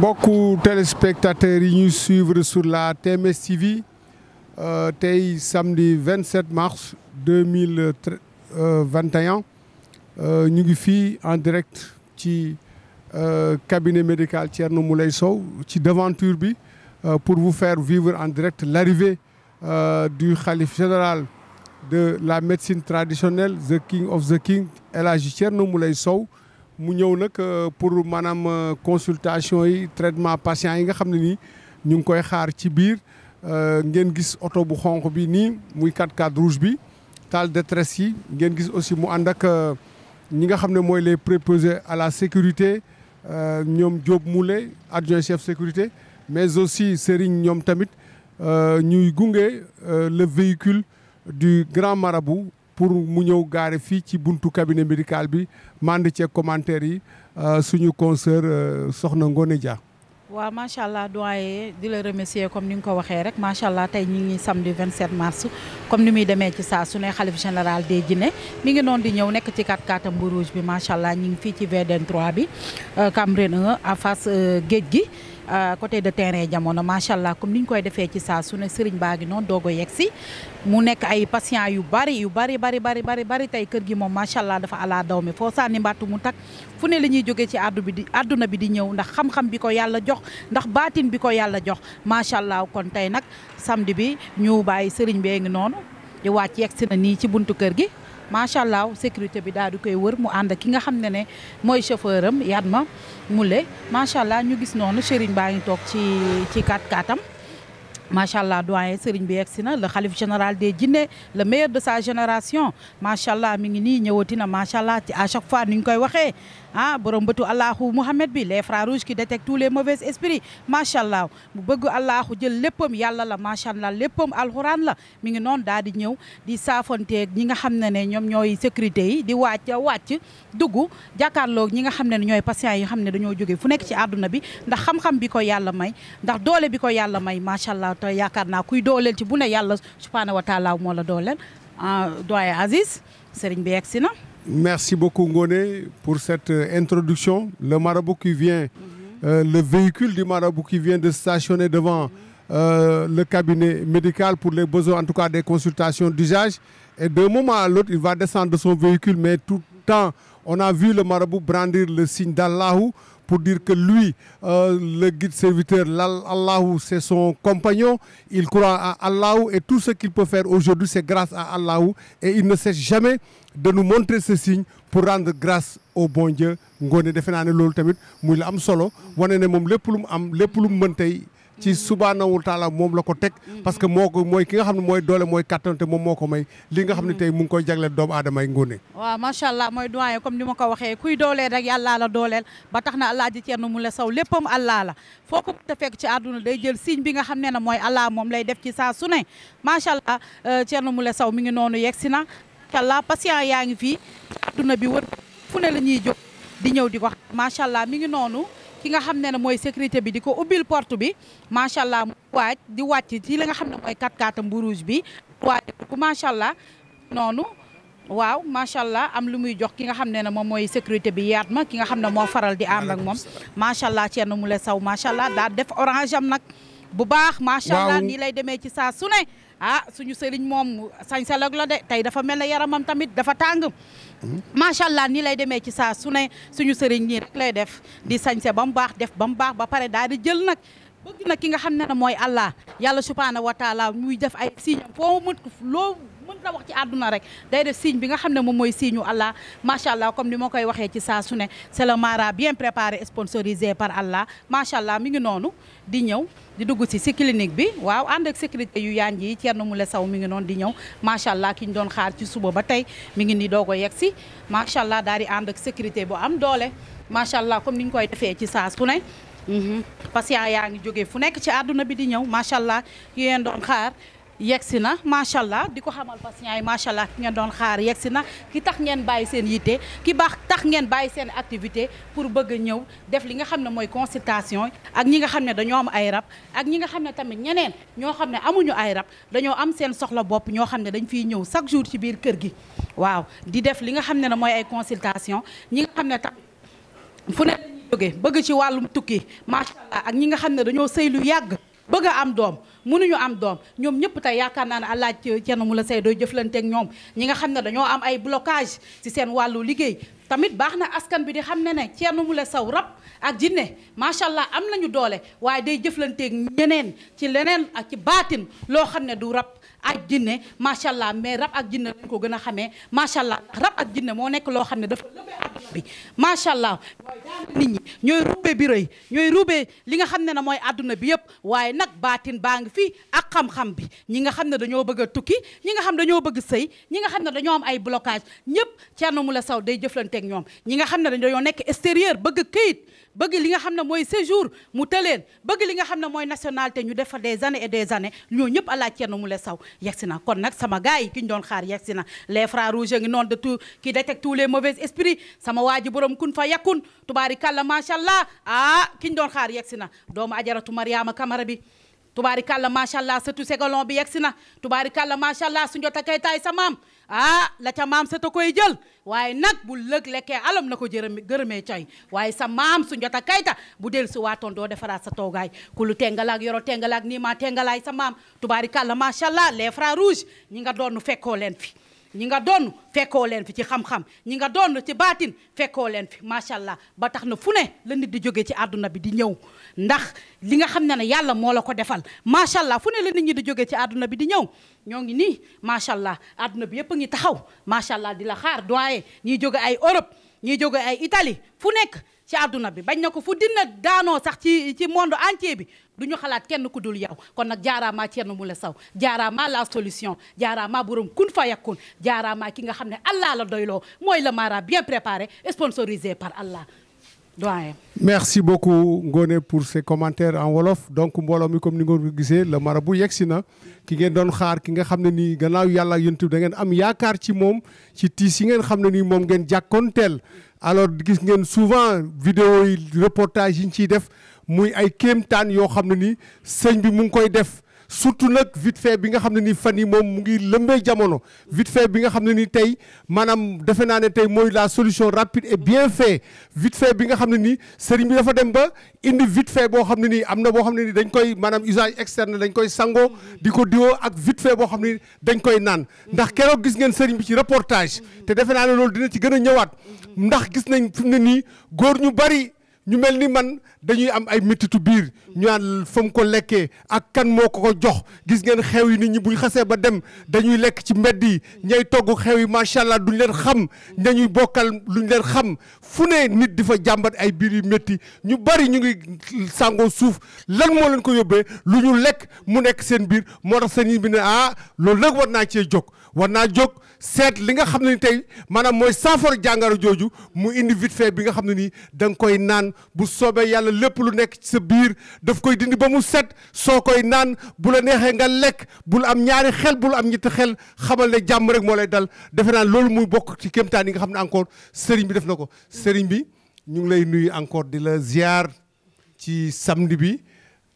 mbokku téléspectateurs yi ñuy suivre sur la TMS TV euh, tey samedi 27 mars 2021 euh, ñu ngi fii en direct ci euh, cabinet médical Thierno lay Sow ci devanture bi pour vous faire vivre en direct l'arrivée du khalife général de la médecine traditionnel the king of the king El Hadji Thierno Moulay Sow mu ñëw nag euh, pour maanaam euh, consultation yi traitement patient yi nga xam ne nii ñu ngi koy xaar ci biir euh, ngeen gis oto bu xonq bi nii muy 4x4 rouge bi taal détresse yi ngeen gis aussi mu ànd ak ñi nga xam ne mooy les préposés à la sécurité ñoom Diop Moulé adjoint chef sécurité mais aussi Serigne ñoom tamit ñuy gunge le véhicule du grand marabout pour mu ñëw gaare fii ci buntu cabinet médical bi mand ceeg commentaire yi euh, suñu consoeur euh, soxna Ngoné Dia waa macha allah doyen di la remercier comme ni nga ko waxee rek macha allah tey ñu ngi samedi 27 mars comme ni muy demee ci saa su ne xalif général des Jinne mi ngi noonu di ñëw nekk ci 4x4 am bu rouge bi macha allah ñu ngi fii ci VDN 3 bi euh, Cambérène 1 en géej gi côté de terrain jamono macha allah comme ni ñu koy defee ci saa su ne sëriñ baa ngi noonu doog a si mu nekk ay patient yu bari yu bari bari bari bari bari tey kër gi moom macha allah dafa ala daw mi foo sànni mbàttu mu tak fu ne la ñuy jógee ci àddu bi di àdduna bi di ñëw ndax xam-xam bi ko yàlla jox ndax baatin bi ko yàlla jox macha allah kon tey nag samdi bi ñu bàyyi sëriñ bee ngi noonu di wàcc yegg si na nii ci buntu kër gi. macha allah sécurité bi daal di koy wër mu ànd ki nga xam ne ne mooy chauffeur am Yatma Moule macha allah ñu gis noonu Serigne baa ngi toog ci ci 4 x macha allah doyen Serigne bi yegsi na le xalif général des jinne le meilleur de sa génération macha allah mi ngi nii ñëwati na macha allah ci à chaque fois ni ñu koy waxee ah borom bëtu allahu Mouhamed bi les frères rouges qui détectent les mauvais esprits macha allah mu bëgg allahu jël léppam yàlla la macha allah léppam alxuraan la mi ngi noon daal di ñëw di saafonteeg ñi nga xam ne ne ñoom ñooy sécurité yi di wàcc wàcc dugg jàkkaarloog ñi nga xam ne ne ñooy patients yi xam ne dañoo jóge fu nekk ci àdduna bi ndax bi ko yàlla may ndax doole bi ko yàlla may macha allah te yaakaar naa kuy dooleel ci bu ne yàlla subhaana wa taala moo la dooleel ah, doyen Aziz sëriñ bi yegsi na. merci beaucoup Ngoné pour cette euh, introduction le marabout qui vient. Mhm. Euh, le véhicule du marabout qui vient de stationner devant mhm. euh, le cabinet médical pour les besoins, en tout cas des consultations d'usage. Et d'un moment à l'autre, il va descendre de son véhicule, mais tout le temps, on a vu le marabout brandir le signe d'Allahu pour dire que lui, euh, le guide serviteur, Allahu, c'est son compagnon. Il croit à Allahu et tout ce qu'il peut faire aujourd'hui, c'est grâce à Allahu. Et il ne cesse jamais de nous montrer ce signe pour rendre grâce au bon Dieu. ngoone defe naa ne loolu tamit muy la am solo wane ne moom lépp lu mu am lépp lu mu mën tey ci subaanawul taala moom la ko teg parce que moo ko mooy ki nga xam ne mooy doole mooy kattan te moom moo ko may li nga xam ne tey mu ngi koy jagleel doomu aadama ay ngóone waaw macha allah mooy doyen comme ni dooleel ba tax na alaaji Ceerno mu la saw léppam allah la foo ko te àdduna day jël signe bi nga xam ne ne mooy allah moom lay def ci saa su ne macha allah euh, Ceerno mu la saw mi ngi noonu yegg si na macha allah patient yaa ngi fii àdduna bi wër fu ne la ñuy jóg di ñëw di wax macha allah mi ngi noonu ki nga xam ne ne mooy sécurité bi di ko ubbil porte bi macha allah mu waaj di wàcc ci li nga xam ne mooy kat kaatam bu rouge bi waaj macha allah noonu waaw macha allah am lu muy jox ki nga xam ne ne moom mooy sécurité bi yaat ma ki nga xam ne moo faral di ànd ak moom macha allah Thierno Moule saw macha allah daa def orange am nag bu baax macha allah nii lay demee ci saa su ah suñu sëriñ moom sañ la de tey dafa mel ne yaramam tamit dafa tàng macha allah nii lay demee ci saa su ne suñu sëriñ ñii rek lay def di sañse ba mu baax def ba mu baax ba pare daal di jël nag bëgg na ki nga xam ne ne mooy allah yàlla subhaanahu wa taala muy def ay signam foo mën loo mënut a wax ci àdduna rek day def signe bi nga xam ne moom mooy signe Allah macha allah comme ni ma koy waxee ci saa su ne c'est le mara bien préparé sponsorisé par Allah macha allah mi ngi noonu di ñëw di dugg si si clinique bi waaw ànd ak sécurité yu yaan yi Thierno Moule Sow mi ngi noonu di ñëw macha allah ki ñu doon xaar ci suba ba tey mi ngi nii doo ko yegg si macha allah daal di ànd ak sécurité bu am doole macha allah comme ni ñu koy defee ci saa su ne mhm. patient yaa ngi jógee fu nekk ci àdduna bi di ñëw macha allah yegsi na macha allah di ko xamal patients yi macha allah ki ngeen doon xaar yegsi na ki tax ngeen bàyyi seen yitte ki baax tax ngeen bàyyi seen activité pour bëgg a ñëw def li nga xam ne mooy consultation ak ñi nga xam ne dañoo am ay rab ak ñi nga xam ne tamit ñeneen ñoo xam ne amuñu ay rab dañoo am seen soxla bopp ñoo xam ne dañ fiy ñëw chaque jour ci biir kër gi waaw di def li nga xam ne ne mooy ay consultation ñi nga xam ne tam fu ne dañuy jóge bëgg ci wàllum tukki macha allah ak ñi nga xam ne dañoo sëy lu yàgg bëgg am doom mënuñu am doom ñoom ñëpp tey yaakaar naa ne àllaaj Thierno Moule Seye dooy jëflanteeg ñoom ñi nga xam ne dañoo am ay blocage ci seen wàllu liggéey tamit baax na askan bi di xam ne ne Thierno Moule Sow rab ak jinne macha allah am nañu doole waaye day jëflanteeg ñeneen ci leneen ak ci baatin loo xam ne du rab ak jinne macha allah mais rab ak jinne lañ gën a xamee macha allah rab ak jinne moo nekk loo xam ne dafa bi macha allah ñooy rubbe bi rëy ñooy rubbe li nga xam ne na mooy àdduna bi yëpp waaye nag baatin baa ngi fii ak xam-xam bi ñi nga xam ne dañoo bëgg tukki ñi nga xam dañoo bëgg sëy ñi nga xam ne dañoo am ay blocage ñëpp Thierno Moule saw day jëflanteeg ñoom ñi nga xam ne dañoo nekk extérieur bëgg këyit bëgg li nga xam ne mooy séjour mu tëleen bëgg li nga xam ne mooy nationalité ñu defa des années et des années ñoo ñëpp alaaj Thierno Moule Sow yegsi na kon nag sama gars yi ki ñu doon xaar yegsi na les frères rouges ngi noonu de tu qui détecte tous les mauvais esprits sama waa ji borom kun fa yakun tubaari kàlla macha allah ah ki ñu doon xaar yegsi na doomu ajaratu Mariama Camara bi tubaari kàlla macha allah sëtu segalon bi yegsi na tubaari kàlla macha allah su njota kay taay sa maam ah la ca maam sëta koy jël waaye nag bu lëg lekkee alam na ko jërëm gërëmee coy waaye sa maam su njota kayta bu del si waatoon doo defaraa sa toogaay ku lu tengalaak yoro tengalaak nii ma tengalaay sa maam tubaari kàlla macha allah les frères rouges ñi nga doon fekkoo leen fi ñi nga doon fekkoo leen fi ci xam-xam ñi nga doon ci baatin fekkoo leen fi macha allah ba tax na fu ne la nit di jóge ci àdduna bi di ñëw ndax li nga xam ne ne yàlla moo la ko defal macha allah fu ne la nit ñi di jógee ci àdduna bi di ñëw ñoo ngi nii macha allah àdduna bi yëpp a ngi taxaw macha allah di la xaar doyen ñiy jóge ay Europe ñiy jóge ay itali fu nekk. ci àdduna bi bañ na ko fu dina daanoo sax ci ci monde entier bi du ñu xalaat kenn ku dul yow kon nag jaaraamaa Thierno Moule Sow jaaraamaa la solution jaaraamaa borom kun fa yakun jaaraamaa ki nga xam ne Allah la doyloo mooy le mara bien préparé sponsorisé par Allah doyen. merci beaucoup Ngoné pour ces commentaires wolof donc mbooloo mi comme ni nga ko gisee le marabout yegg si na ki ngeen doon xaar ki nga xam ne nii gannaaw yàlla ak yonent da ngeen am yaakaar ci moom ci tiis yi ngeen xam ne nii moom ngeen jàkkoonteel. alors gis ngeen souvent vidéo yi reportage yi ñu ciy def muy ay kéemtaan yoo xam ne ni sëñ bi mu ngi koy def surtout nag vite fait bi nga xam ne nii fan yi moom mu ngi lëmbee jamono vite fait bi nga xam ne nii tey maanaam defe naa ne tey mooy la solution rapide et bien fait vite fait bi nga xam ne nii sëriñ bi dafa dem ba indi vite fait boo xam ne nii am na boo xam ne nii dañ koy maanaam usage externe dañ koy sangoo di ko diwoo ak vite fait boo xam ne ni dañ koy naan ndax keroog gis ngeen sëriñ bi ci reportage te defe naa ne loolu dina ci gën a ñëwaat ndax gis nañ fi mu nii góor ñu bari ñu mel ni man dañuy am ay méttitu biir ñu naan fa mu ko lekkee ak kan moo ko ko jox gis ngeen xew yi nit ñi buñ xasee ba dem dañuy lekk ci mbedd yi ñay togg xew yi macha allah duñ leen xam ñañuy bokkal duñ leen xam fu ne nit di fa jàmbat ay biir yu métti ñu bari ñu ngi sàngoo suuf lan moo leen ko yóbbee lu ñu lekk mu nekk seen biir moo tax seen bi ne ah loolu nag war naa cee jóg war naa jóg seet li nga xam ne ni tey maanaam mooy saafara jàngaro jooju mu indi vite bi nga xam ne nii da nga koy naan bu soobee yàlla lépp lu nekk ci sa biir daf koy dindi ba mu set soo koy naan bu la neexee nga lekk bul am ñaari xel bul am ñetti xel xamal ne jàmm rek moo lay dal defe naa loolu muy bokk ci kéemtaan yi nga xam ne encore sëriñ bi def na ko sëriñ bi ñu ngi lay nuyu encore di la ziar ci samedi bi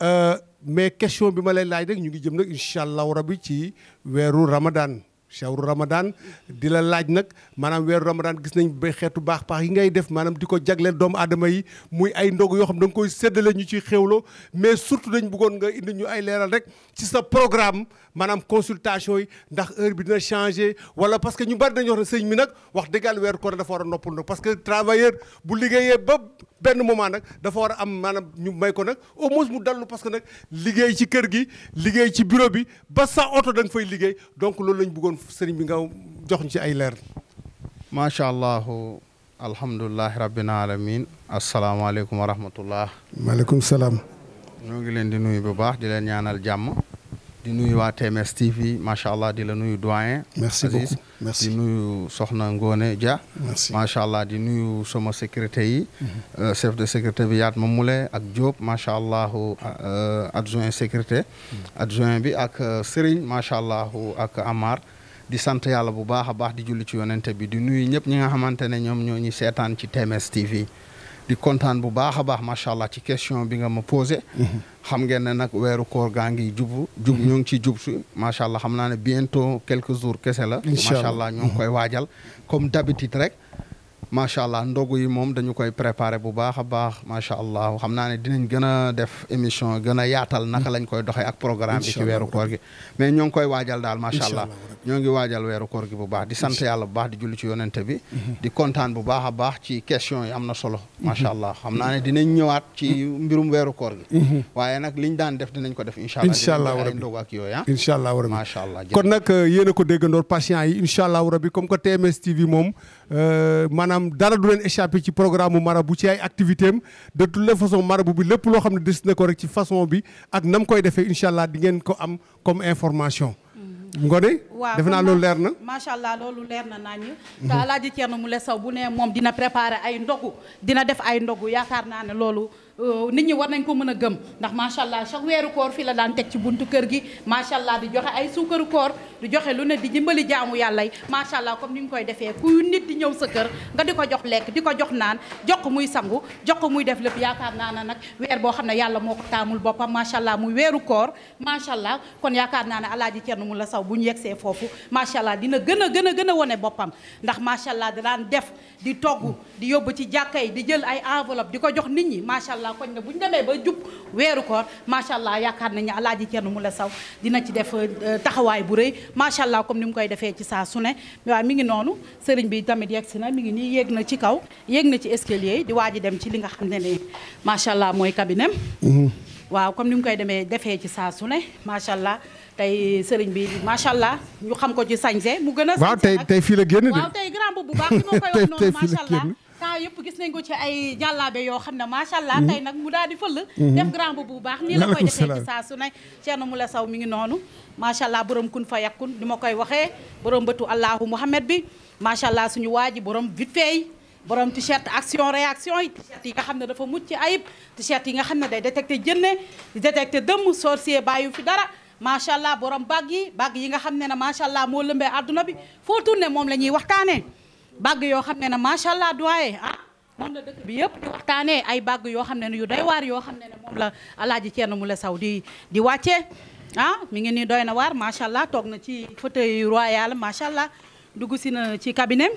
euh, mais question bi ma lay laaj rek ñu ngi jëm nag incha allahu rabi ci weeru ramadan shawru ramadan di la laaj nag maanaam weeru ramadan gis nañ ba xeetu baax paax yi ngay def maanaam di ko jagleel doomu adama yi muy ay ndog yoo xam da nga koy séddale ñu ciy xéwloo mais surtout dañ buggoon nga indi ñu ay leeral rek ci sa programme maanaam consultation yi ndax heure bi dina changé wala parce que ñu bari dañu wax ne sëñ mi nag wax dëggal weeru koor dafa war a noppal nag parce que travailleur bu liggéeyee ba benn moment nag dafa war a am maanaam ñu may ko nag au moins mu dallu parce que nag liggéey ci kër gi liggéey ci bureau bi ba sa oto da nga fay liggéey donc loolu lañ buggoon sëriñ bi nga jox ñu ci ay leer. macha allah alhamdulilah rabbil alamin asalaamaaleykum wa rahmatullah. maaleykum salaam. ñoo ngi leen di nuyu bu baax di leen ñaanal jàmm. di nuyu waa TMS TV macha allah di la nuyu doyen. merci beaucoup merci di nuyu Soxna Ngone Dia. merci macha allah di nuyu soma secrétaire yi. Mhm. Euh, chef de secrétaire bi Yaat Mamoule ak Diop macha allah euh, adjoint secrétaire. Mhm. adjoint bi ak euh, Serigne macha allah ak Amar. di sant yàlla bu baax a baax di julli ci yonente bi di nuyu ñëpp ñi nga xamante ne ñoom ñoo ñu seetaan ci TMS TV. di kontaan bu baax a baax macha allah ci question bi nga ma posé. Mm-hmm. xam ngeen ne nag weeru koor gaa ngi jub jub mm-hmm. ñoo ngi ciy jub si macha allah xam naa ne bientôt quelques jours kese la. macha allah ñoo koy waajal comme d'habitude rek. macha allah ndogu yi moom dañu koy préparer bu baax a baax macha allah xam naa ne dinañ gën a def émission gën a yaatal naka lañ koy doxee ak programme bi ci weeru koor gi mais ñoo ngi koy waajal daal macha allah ñoo ngi waajal weeru koor gi bu baax di sant yàlla bu baax di julli ci yonente bi mhm. di kontaan bu baax a baax ci question yi am na solo mhm. macha allah xam naa dinañ ñëwaat ci mhm. mbirum weeru koor gi waaye nag liñ daan def dinañ ko def incha allah ay ndogu ah. euh, a ko déggandoor maanaam dara du leen échappé ci programme mu marabu ci ay activité am de toute la façon bi lépp loo xam ne des na ko rek ci façon bi ak nam koy defee incha allah di ngeen ko am comme information. Mm-hmm. Ngone waaw defe naa loolu leer na macha allah loolu leer na nañu mm-hmm. te Alaaji Thierno Moule Sow bu ne moom dina préparer ay ndogu dina def ay ndogu yaakaar naa ne loolu Euh, nit ñi war nañ ko mën a gëm ndax macha allah chaque weeru koor fii la daan teg ci buntu kër gi macha allah di joxe ay suukaru koor di joxe lu ne di dimbali jaamu yàlla yi macha allah comme ni ñu koy defee ku nit di ñëw sa kër nga di ko jox lekk di ko jox naan jox ko muy sangu jox ko muy def lépp yaakaar naa ne nag weer boo xam ne yàlla moo ko boppam macha allah muy weeru koor macha allah kon yaakaar naa ne alaaji Cerno mu la saw bu ñu yegsee foofu macha allah dina gën a gën a gën a wane boppam ndax macha allah daan def di togg di yóbbu ci jàkka yi di jël ay enveloppe di ko jox nit ñi macha allah allah koñ ne bu ñu demee ba jub weeru koor macha allah yaakaar nañ nañu alaaji mu la saw dina ci def euh, taxawaay bu rëy macha allah comme ni mu koy defee ci saa sune ne mi ngi noonu sëriñ bi tamit yegg si na mi ngi nii yéeg na ci kaw yéeg na ci escalier yi di waaj dem ci li xam ne ne macha allah mooy cabinet mm-hmm. waaw comme ni mu koy demee defee ci saa su macha allah tey sëriñ bi macha allah ñu xam ko ci sañse mu gën a. waaw tey tey fii la génn de waaw tey temps yëpp gis nañ ko ci ay jàllaabe yoo xam ne macha allah mhm. tey nag mu daal di fël mhm. def bu baax nii la koy defee saa su ne Thierno Moule Sow mi ngi noonu macha allah borom kun fa yakkun ni ma koy waxee borom bëtu allahu muhammad bi macha allah suñu waa ji borom vite fait borom t-shirt action réaction yi t-shirt yi nga xam ne dafa mucc ayib t-shirt yi nga xam ne day détecté jënne di détecté dëmm sorcier bàyyu fi dara macha allah borom bag yi bag yi nga xam ne ne macha allah moo lëmbee adduna bi foo tourné moom la ñuy waxtaanee bàgg yoo xam ne na macha allah doyen ah moom la dëkk bi yëpp di ay bàgg yoo xam ne ne yu doy waar yoo xam ne ne moom la alaaji mu la saw di di wàcce ah mu ngi nii doy na waar macha allah toog na ci fauteuil royal macha allah dugg si na ci cabinet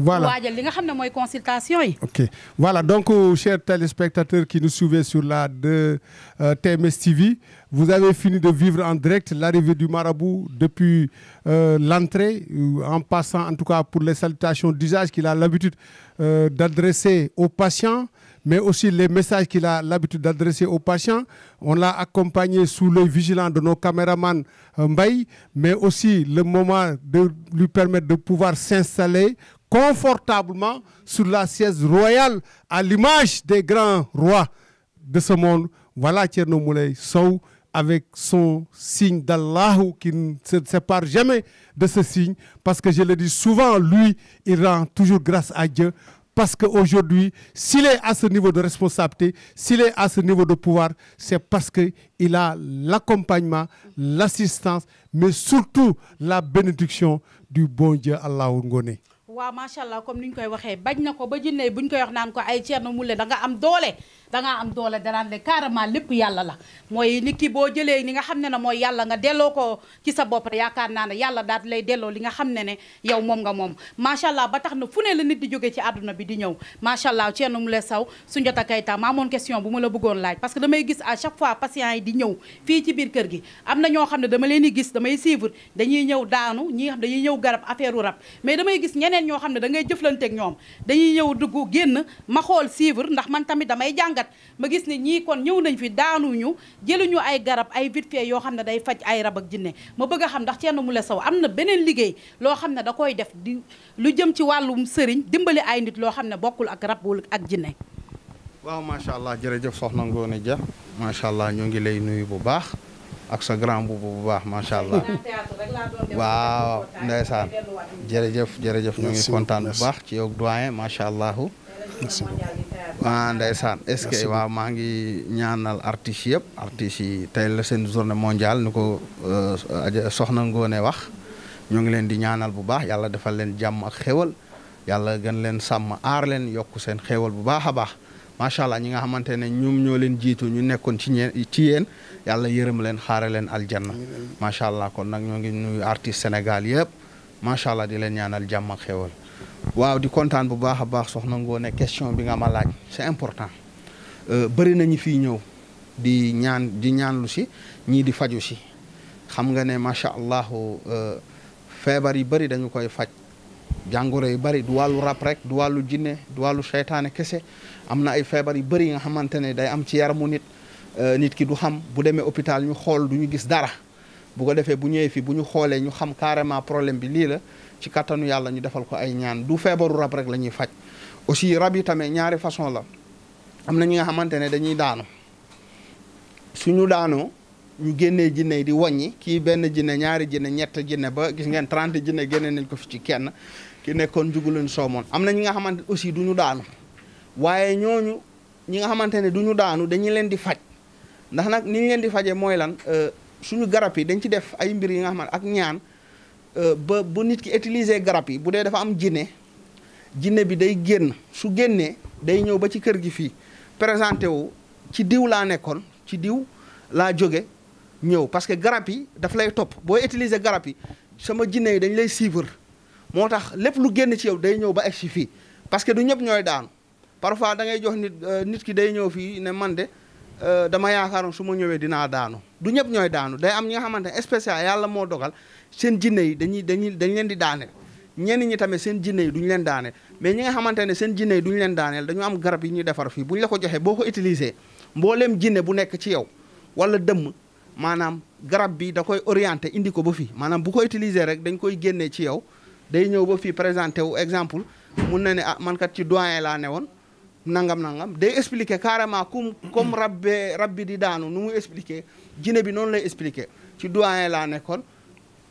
voilà waajal li nga xam ne mooy consultation yi. ok voilà donc euh, chers téléspectateurs qui nous suivez sur la de euh, TMS TV vous avez fini de vivre en direct l'arrivée du marabout depuis euh, l'entrée euh, en passant en tout cas pour les salutations d'usage qu'il a l'habitude euh, d'adresser aux patients mais aussi les messages qu'il a l'habitude d'adresser aux patients. On l'a accompagné sous l'œil vigilant de nos caméramans mbay mais aussi le moment de lui permettre de pouvoir s'installer, confortablement sur la siège royale à l'image des grands rois de ce monde. Voilà Thierno Moulay Sow avec son signe d'Allahu qui ne se sépare jamais de ce signe parce que je le dis souvent, lui, il rend toujours grâce à Dieu parce qu'aujourd'hui, s'il est à ce niveau de responsabilité, s'il est à ce niveau de pouvoir, c'est parce qu'il a l'accompagnement, l'assistance, mais surtout la bénédiction du bon Dieu Allah Ngone. waaw macha allah comme ni ñu koy waxee bañ na ko ba jinne bu ñu koy wax naan ko ay Thierno Moule da nga am doole dangaa am doole danaan le carrément lépp yàlla la mooy nit ki boo jëlee ni nga xam ne ne mooy yàlla nga delloo ko ci sa bopp yaakaar naa ne yàlla daal lay delloo li nga xam ne ne yow moom nga moom macha allah ba tax na fu ne la nit di jógee ci àdduna bi di ñëw macha allah Thierno saw Sow Soundiata Keita ma amoon question bu ma la bëggoon laaj parce que damay gis à chaque fois patients yi di ñëw fii ci biir kër gi am na ñoo xam ne dama leen di gis damay suivre dañuy ñëw daanu ñi nga xam dañuy ñëw garab affaire u ñoo xam ne dangay ngay jëflanteeg ñoom dañuy ñëw dugg génn ma xool suivre ndax man tamit damay jàngat ma gis ne ñii kon ñëw nañ fi daanuñu jëluñu ay garab ay vitfee yoo xam ne day faj ay rab ak jinne ma bëgg a xam ndax mu Moule Sow am na beneen liggéey loo xam ne da koy def di lu jëm ci wàllum sëriñ dimbali ay nit loo xam ne bokkul ak rab wul ak jinne waaw macha allah jërëjëf soxna Ngoone ja macha allah ñoo ngi lay nuyu bu baax ak sa grand boubou bu baax macha allah waaw ndeysaan jërëjëf jërëjëf ñu ngi ci yow doyen macha allah ah, waaw ndeysaan est maa ngi ñaanal artistes yëpp artistes yi seen journée mondiale ni ko euh, soxna Ngoone wax ñu ngi leen di ñaanal bu baax yàlla defal leen jàmm ak xéwal yàlla gën leen sàmm aar leen yokk seen xéwal bu baax a baax macha allah ñi nga xamante ne ñoom ñoo leen jiitu ñu nekkoon ci ñeen ci yéen yàlla yërëm leen xaare leen aljanna macha allah kon nag ñoo ngi nuyu Sénégal yëpp macha allah di leen ñaanal jàmm ak waaw di kontaan bu baax a baax soxna Ngoné question bi nga ma laaj c'est important euh, bëri nañu fii ñëw di ñaan di ñaanlu si ñii di faju si xam nga ne macha allah euh, feebar yi bëri dañu koy faj jàngoro yi bëri du wàllu rab rek du wàllu jinne du wàllu seytaane kese. am na ay feebar yu bëri yi nga xamante ne day am ci yaramu nit euh, nit ki du xam bu demee hôpital ñu xool du ñu gis dara bu ko defee bu ñëwee fii bu ñu xoolee ñu xam carrément problème bi lii la ci kattanu yàlla ñu defal ko ay ñaan du feebaru rab rek la ñuy faj aussi rab yi tamit ñaari façon la am na ñi nga xamante ne dañuy daanu suñu daanoo ñu génnee jinne di wàññi kii benn jinne ñaari jinne ñett jinne ba gis ngeen trente jinne génne nañ ko fi ci kenn ki nekkoon juguleen soomoon am na ñi nga xamante aussi duñu daanu waaye ñooñu ñi nga xamante ne du ñu daanu dañu leen di faj ndax nag ni leen di fajee mooy lan euh, suñu garab yi dañ ci def ay mbir yi nga xam ak ñaan euh, ba bu nit ki utiliser garab yi bu dee dafa am jinne jinne bi day génn su génnee day ñëw ba ci kër gi fii présenté wu ci diw laa nekkoon ci diw laa jóge ñëw parce que garab yi daf lay topp boo utiliser garab yi sama jinne yi dañ lay suivre moo tax lépp lu génn ci yow day ñëw ba egg fii parce que du ñëpp ñooy daanu parfois dangay jox nit euh, nit ki day ñëw fii ne man de euh, dama yaakaaroon su ma ñëwee dinaa daanu du ñëpp ñooy daanu day am ñi nga xamante ne spécial yàlla moo dogal seen jinne yi dañuy dañuy dañ leen di daaneel ñenn ñi tamit seen jinne yi duñu leen daaneel mais ñi nga xamante ne seen jinne yi duñu leen dañu am garab yi ñuy defar fii bu ñu la ko joxee boo ko utilisé mbooleem jinne bu nekk ci yow wala dëmm maanaam garab bi da koy orienté indi ko ba fii maanaam bu ko utilisé rek dañ koy génnee ci yow day ñëw ba fii présenté wu exemple mun na ne ah man kat ci doyen laa ne woon nangam nangam day expliquer carrément comme comme rab bee rab bi di daanu nu muy expliquer jine bi noonu lay expliquer ci doyen laa nekkoon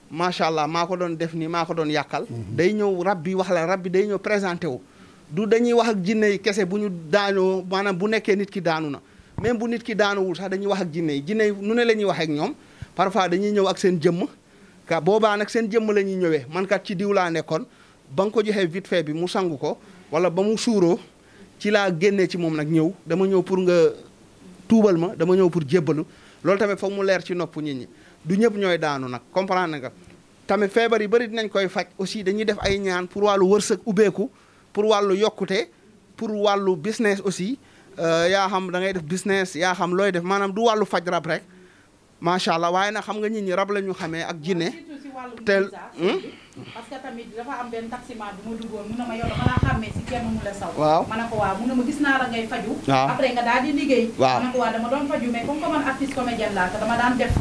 macha allah maa ko doon def nii maa ko doon yàqal. Mm-hmm. day ñëw rab bi wax la rab bi day ñëw présenté wu. du dañuy wax ak jinne yi kese bu ñu daanoo maanaam bu nekkee nit ki daanu na même bu nit ki daanuwul sax dañuy wax ak jinne yi jinne yi nu ne la ñuy wax ñoom parfois dañuy ñëw ak seen jëmm ka boobaa nag seen jëmm la ñuy ñëwee man kat ci diw laa nekkoon ba nga ko joxee vite bi mu sangu ko wala ba mu suuroo ci laa génnee ci moom nag ñëw dama ñëw pour nga tuubal ma dama ñëw pour jébbalu loolu tamit foog mu leer ci noppu nit ñi du ñëpp ñooy daanu nag comprendre nga tamit feebar yi bëri dinañ koy faj aussi dañuy def ay ñaan pour wàllu wërsëg ubbeeku pour wàllu yokkute pour wàllu business aussi euh, yaa xam da ngay def business yaa xam looy def maanaam du wàllu faj rab rek macha allah waaye nag xam nga nit ñi rab la ñu xamee ak jinne te hmm? tamit dafa am benn taximan bi ma duggoon mun na ma yow dafa laa xàmmee si kenn mu la saw. waaw ko waaw mun na ma gis naa la ngay faju. après nga daal di liggéey. waaw ko waaw dama doon faju mais comme que man artiste comédien laa te dama daan def.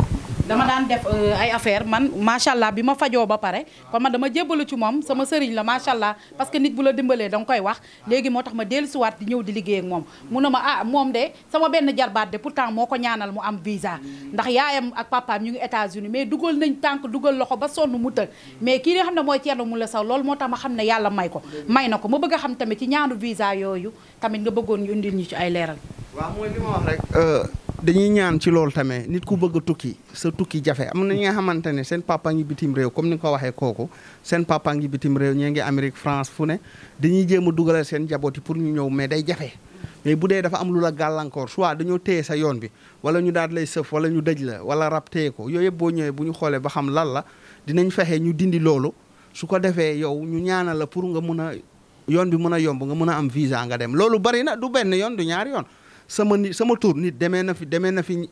dama daan def euh, ay affaire man macha allah bi ma fajoo ba pare kon man dama jébbalu ci moom sama sëriñ la macha allah parce que nit bu la dimbalee danga koy wax léegi moo tax ma dellusiwaat di ñëw di liggéey moom mu ne ma ah moom de sama benn jarbaat de pourtant moo ko ñaanal mu am visa ndax yaayam ak papaam ñu ngi États-Unis mais dugal nañ tànk dugal loxo ba sonn mu tëj mais kii nga xam ne mooy Thierno Moule Sow lool moo tax ma xam ne yàlla may ko may ko ma bëgg a xam tamit ci ñaanu visa yooyu tamit nga bëggoon ñu indil ñu ci ay leeral dañuy ñaan si loolu tamit nit ku bëgg a tukki sa tukki jafe am na ñi nga xamante ne seen papa ngi bitim réew comme ni nga ko waxee kooku seen papa ngi bitim réew ñee ngi Amérique France fu ne dañuy jéem a dugalal seen njaboot yi pour ñu ñëw mais day jafe. mais bu dee dafa am lu la gàllankoor soit dañoo téye sa yoon bi wala ñu daal lay sëf wala ñu dëj la wala rab téye ko yooyu yëpp boo ñëwee bu ñu xoolee ba xam lan la dinañ fexe ñu dindi loolu su ko defee yow ñu ñaanal la pour nga mun a yoon bi mën a yomb nga mën a am visa nga dem loolu bari na du benn yoon du ñaari yoon sama ni sama tur nit demee na fi demee na fi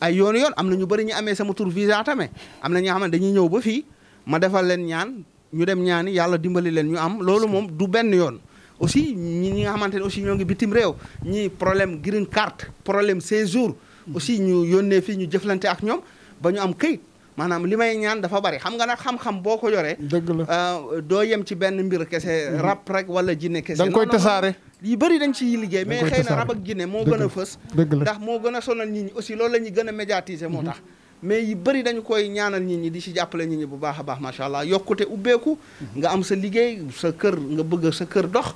ay yoon yoon am na ñu bari ñu amee sama tur visa tamit am na ñoo xam ne dañuy ñëw ba fii ma defal leen ñaan ñu dem ñaani yàlla dimbali leen ñu am loolu moom du benn yoon aussi ñi ñi nga xamante ne aussi ñoo ngi bitim réew ñi problème green card problème séjour aussi ñu yónnee fii ñu jëflante ak ñoom ba ñu am këyit maanaam li may ñaan dafa bari xam nga nag xam-xam boo ko yoree. dëgg euh, doo yem ci benn mbir kese mm-hmm. rab rek wala jinne kese. da nga koy tasaare. yu bëri dañ ciy liggéey mais xëy na rab ak jinne moo gën a fës. ndax moo gën a sonal nit ñi aussi loolu la ñuy gën a médiatiser moo mm-hmm. tax. mais yu bëri dañu koy ñaanal nit ñi di si jàppale nit ñi bu baax a baax macha allah yokkute ubbeeku. Mm-hmm. nga am sa liggéey sa kër nga bëgg sa kër dox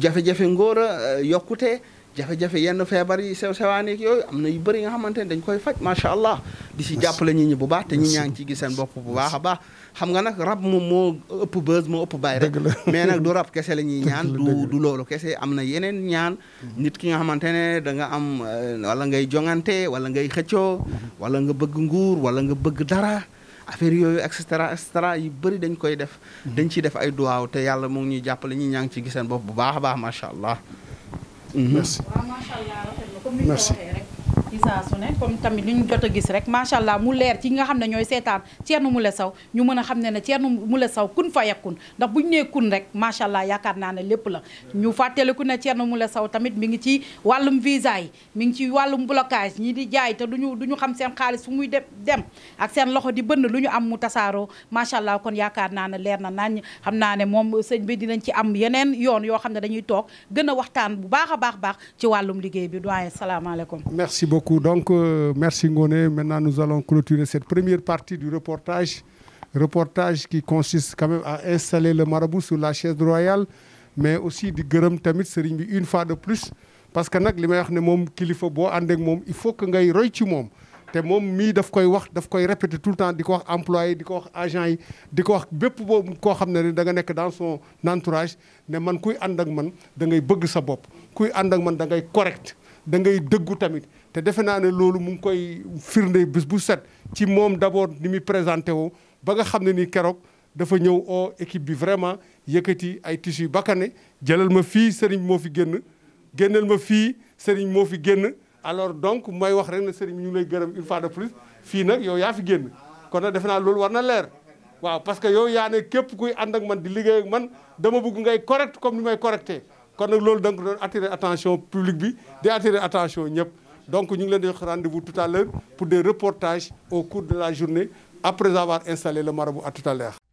jafe-jafe ngóora euh, yokkute jafe-jafe yenn feebar yi sew sewaan yeeg yooyu am na yu bëri nga xamante ne dañ koy faj macha allah di si jàppale nit ñi bu baax te ñi ñaa ngi ciy gis seen bopp bu baax xam nga nag rab moom moo ëpp bës moo ëpp bàyyi rek mais nag du kese la ñuy ñaan du du loolu kese am na yeneen ñaan nit ki nga xamante ne da nga am euh, wala ngay jongante wala ngay xëccoo wala nga bëgg nguur wala nga bëgg dara affaire yooyu et cetera et yu bëri dañ koy def hmm. dañ ciy def ay duwaaw te yàlla mu ñuy jàppale ñi ñaa ngi ciy gis seen bopp bu baax a baax macha allah merci. merci. ci saa su ne comme tamit lu ñu jot a gis rek macha allah mu leer ci nga xam ne ñooy seetaan Thierno Moule saw ñu mën a xam ne ne Thierno Moule Sow kun fa yakun ndax bu ñu nee kun rek macha allah yaakaar naa ne lépp la ñu fàttaliku ne Thierno Moule Sow tamit mi ngi ci wàllum visa yi mi ngi ci wàllum blocage ñi di jaay te duñu du ñu xam seen xaalis fu muy dem dem ak seen loxo di bënn lu ñu am mu tasaaroo macha allah kon yaakaar naa ne leer na naañ xam naa ne moom sëñ bi dinañ ci am yeneen yoon yoo xam ne dañuy toog gën a waxtaan bu baax a baax baax ci wàllum liggéey bi doyen salaamaaleykum merci beaucoup beaucoup. Donc, euh, merci Ngoné. Maintenant, nous allons clôturer cette première partie du reportage. Reportage qui consiste quand même à installer le marabout sur la chaise royale, mais aussi di gërëm tamit sëriñ bi une fois de plus. parce que nag li may wax ne moom kilifa boo ànd moom il faut que ngay roy ci moom te moom mii daf koy wax daf koy répéter tout le temps di ko wax employé di ko wax agent yi di ko wax bépp boobu koo xam ne da danga nekk dans son entourage ne man kuy ànd ak man da ngay bëgg sa bopp kuy ànd ak man da ngay correct da ngay dëggu tamit. te defe naa ne loolu mu ngi koy firnde bés bu set ci moom d'abord ni muy présenter woo ba nga xam ne nii keroog dafa ñëw oo équipe bi vraiment yëkkati ay tissus yu bakkane jëlal ma fii sëriñ moo fi génn génnal ma fii sëriñ moo fi génn alors donc mooy wax rek na sëriñ ñu ngi lay gërëm une fois de plus fii nag yow yaa fi génn kon nag defe naa loolu war na leer waaw parce que yow yaa ne képp kuy ànd ak man di liggéey ak man dama bëgg ngay correct comme ni may correcté kon nag loolu da doon attirer attention public bi di attirer ñëpp donc ñu ngi leen di jox rendez-vous pour des reportages au cours de la journée après avoir installé le marabout à tout à